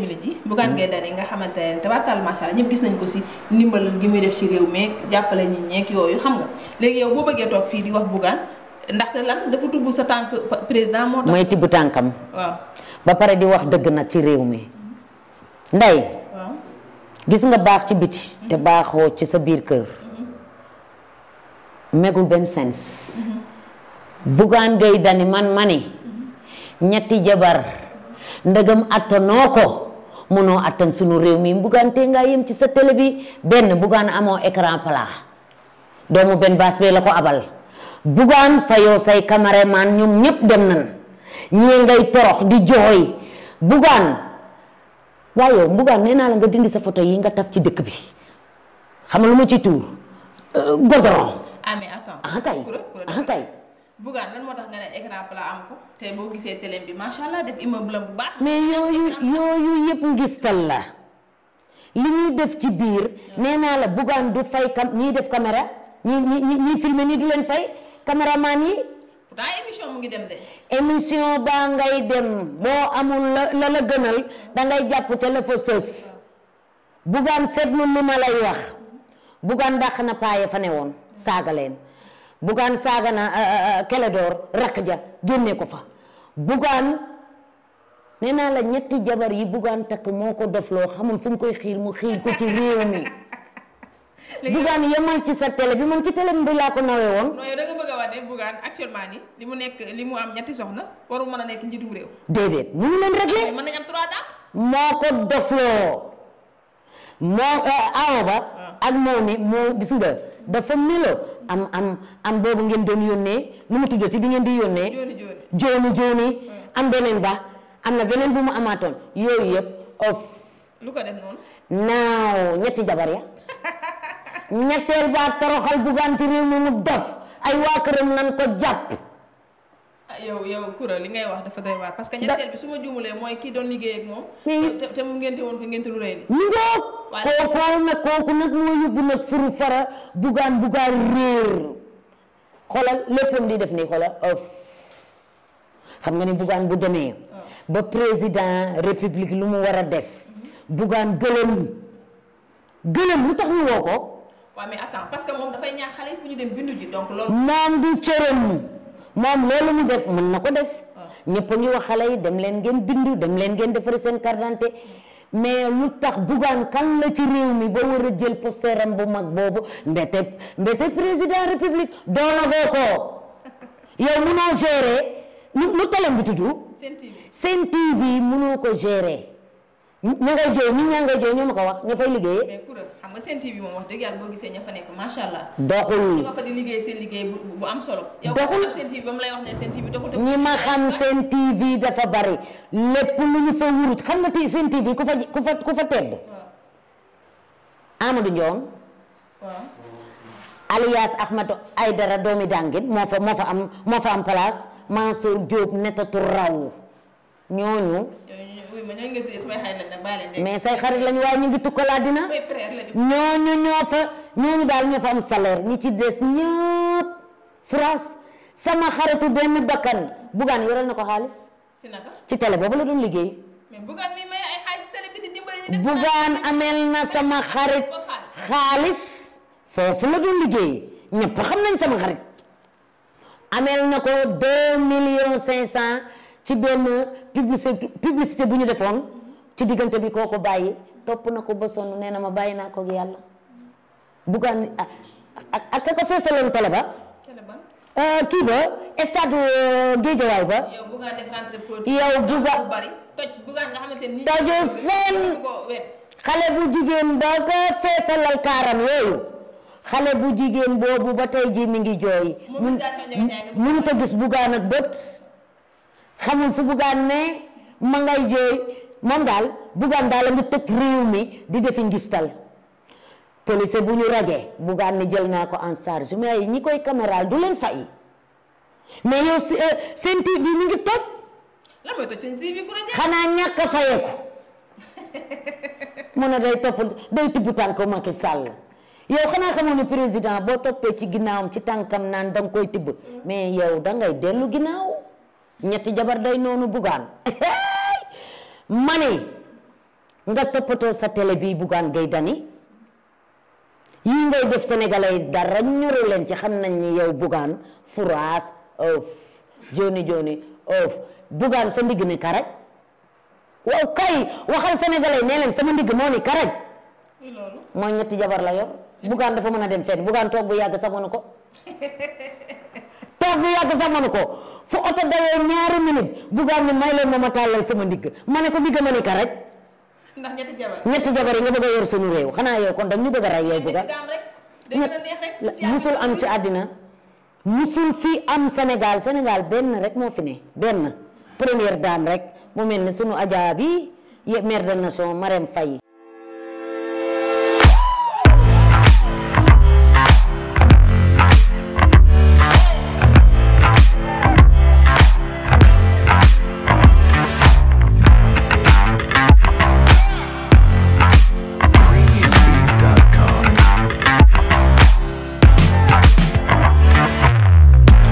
Bukan ji bugaan ge dane nga xamantene tabakal ma sha allah ñep gis nañ ko ci nimbal gi muy def ci rew meeg jappale nit ñek yoyu xam nga legi yow bo bëgge tok fi di wax ndax te lan dafa tubbu sa tank président mo tax moy tibbu tankam waaw ba pare di wax deug ci mi nday gis nga bax ci biti te hmm. baxo ci sa biir kër hmm. megul ben sens hmm. gan ge dane man mani ñetti jabar ndëgam atono ko muno atan sunu rew mi te nga yem ci sa tele bi ben bugan amo écran plat doomu benn baas bee la ko abal bugan fayo say cameraman ñum ñep dem nan ñi ngay torox di joy bugan wayo bugan neena la nga dindi sa photo yi nga taf ci dekk bi xam lu ci tour ah attends ah kay ah kay Bougane lan moo tax nga ne écran plat am ko te boo gisee télé bi macha allah def immeuble bu baax. mais yooyu yooyu yëpp ngistal la li ñuy def ci biir nee la Bougane du fay cam ñiy def caméra ñi ñi ñiy filmer nii du leen fay caméraman yi. pourtant émission mu ngi dem de. émission baa ngay dem boo amul la la la gënal da ngay jàpp ca la fa sës Bougane seetlu lu ma lay wax Bougane dàq na paaye fa ne woon saaga leen. bugaan sagana na Clédor eh, eh, eh, rakk ja génne ko fa bugan néna la ñetti jabar yi bugan tak moko def lo xamul fu ngui koy xir mu xir ko ci réew mi bugaan yemal ya ci sa télé bi mom ci télé mbi la ko nawé won non yow da nga bëgg wa dé bugan actuellement ni limu mu nekk li am ñetti soxna waru mëna a nekk njiitum réew dédé mu ñu leen réglé mëna nañ am dam moko def lo mo moo awo ba ah. ak momi mo gis nga dafa melo am am am bobu ngeen doon yónnee nu mu ci bi ngeen di yónnee jooni joni am benen ba am na beneen bu mu amaton yoy yeb of lu ko def non naw ñetti jabar ya ñettel ba toroxal bu ganti rew mu mu def ay wa kërëm nan ko japp ah, yow yow kura li ngay wax dafa doy waar parce que ñettel bi suma jumulé moy ki doon liggéey ak mom té mu ngénte woon ko ngénte lu rëy li kooku nag kooku nag moo yóbbu nag furu fara bugaan bugaan réer xoolal léppam di def nii xoolal oh. xam nga ni bugaan bu demee oh. ba président république lu mu war def bugaan gëlëm gëlëm lu tax ñu woo ko waaw mais attends parce que moom dafay ñaax xale yi pour ñu dem bindu ji donc loolu moom du cëram moom loolu mu def mën na ko def oh. ñëpp a ngi dem leen ngeen bindu dem leen ngeen defari seen carte d'identité mais lu tax Bougane kan la ci réew mi ba war a jël posteram bu mag boobu mbete mbete président république doonagoo ko yow munoo gérer lu lu télé bi tudd Sen TV Sen TV munoo ko gérer ña ngay jooy ñi ñaa ko wax ña fay liggéeyee. mais Coura xam nga seen TV moom wax dëgg yàlla boo gisee ña fa nekk macha allah. doxul ñu nga fa di liggéey seen liggéey bu am solo. doxul yow seen TV ba mu ñi ma xam seen TV dafa bari lépp lu ñu fa wurut xam nga tey seen TV ku fa ku fa ku fa tedd. Amadou Ndione. waaw. alias Ahmad Aydara doomi dàngit moo fa moo fa am moo fa am place Mansour Diop netatu raw ñooñu. mais say xarit lañu waaye ñu ngi tukkalaat dina ñooñu ñoo fa ñooñu daal ñoo fa am salaire ñi ci des ñëpp France sama xaritu benn bakkan Bougane yoral na ko xaalis ci télé boobu la doon liggéey Bougane ameel na sama xarit xaalis foofu la doon liggéey ñëpp xam nañ sama xarit ameel na ko ci benn publicité bu ñu defoon ci diggante bi kooku bàyyi topp na ko ba sonn nee na ma bàyyi naa ko ak yàlla buggaan ah, ak ak ka ko feesaloon télé ba euh, kii ba stade euh, géejawaay ba yow buggaan def fenn xale bu jigéen ba ko feesalal kaaram yooyu xale bu jigéen boobu ba tey ji mi ngi jooy mun mun ko gis buggaan ak bët xamul fu buggaan ne ma ngay jooy moom daal buggaan daal la ngi tëj réew mi di defi ngistal police bu ñu rajee buggaan ne jël naa ko en charge mais ñi koy caméral du leen fay mais yow seen euh, TV mi ngi toj lan mooy xanaa ñàkk a fayeku mu ne day topp day tibb tànk Macky Sall yow xanaa xamoon ne président boo toppee ci ginnaawam ci tànkam naan danga koy tibb mais yow dangay dellu ginnaaw ñetti jabar day noonu bugaan ma ne nga toppatoo sa télé bi bugaan gay dani yii ngay def sénégalais dara ñuru ci xam nañ ni yow bugaan furaas of joni joni of bugaan sa ndigg ni karaj waaw kay waxal sénégalais nee leen sama ndigg moo ni karaj mooy ñetti jabar la yor bugaan dafa mën a dem fenn bugaan toog bu yàgg sax mënu ko wax lu yàgg sax manu ko fu oto dawee ñaari minute buggaan ni may leen ma ma tàllal sama ndigg ma ne ko bi gëmani ka rek ndax ñetti jabar yi nga bëgg a yor suñu réew xanaa yow kon dañ ñu bëgg a rey yow bëgg a musul am ci àddina musul fii am Sénégal Sénégal benn rek moo fi ne benn première dame rek mu mel ni suñu ajaa bi mère de ma Marème Faye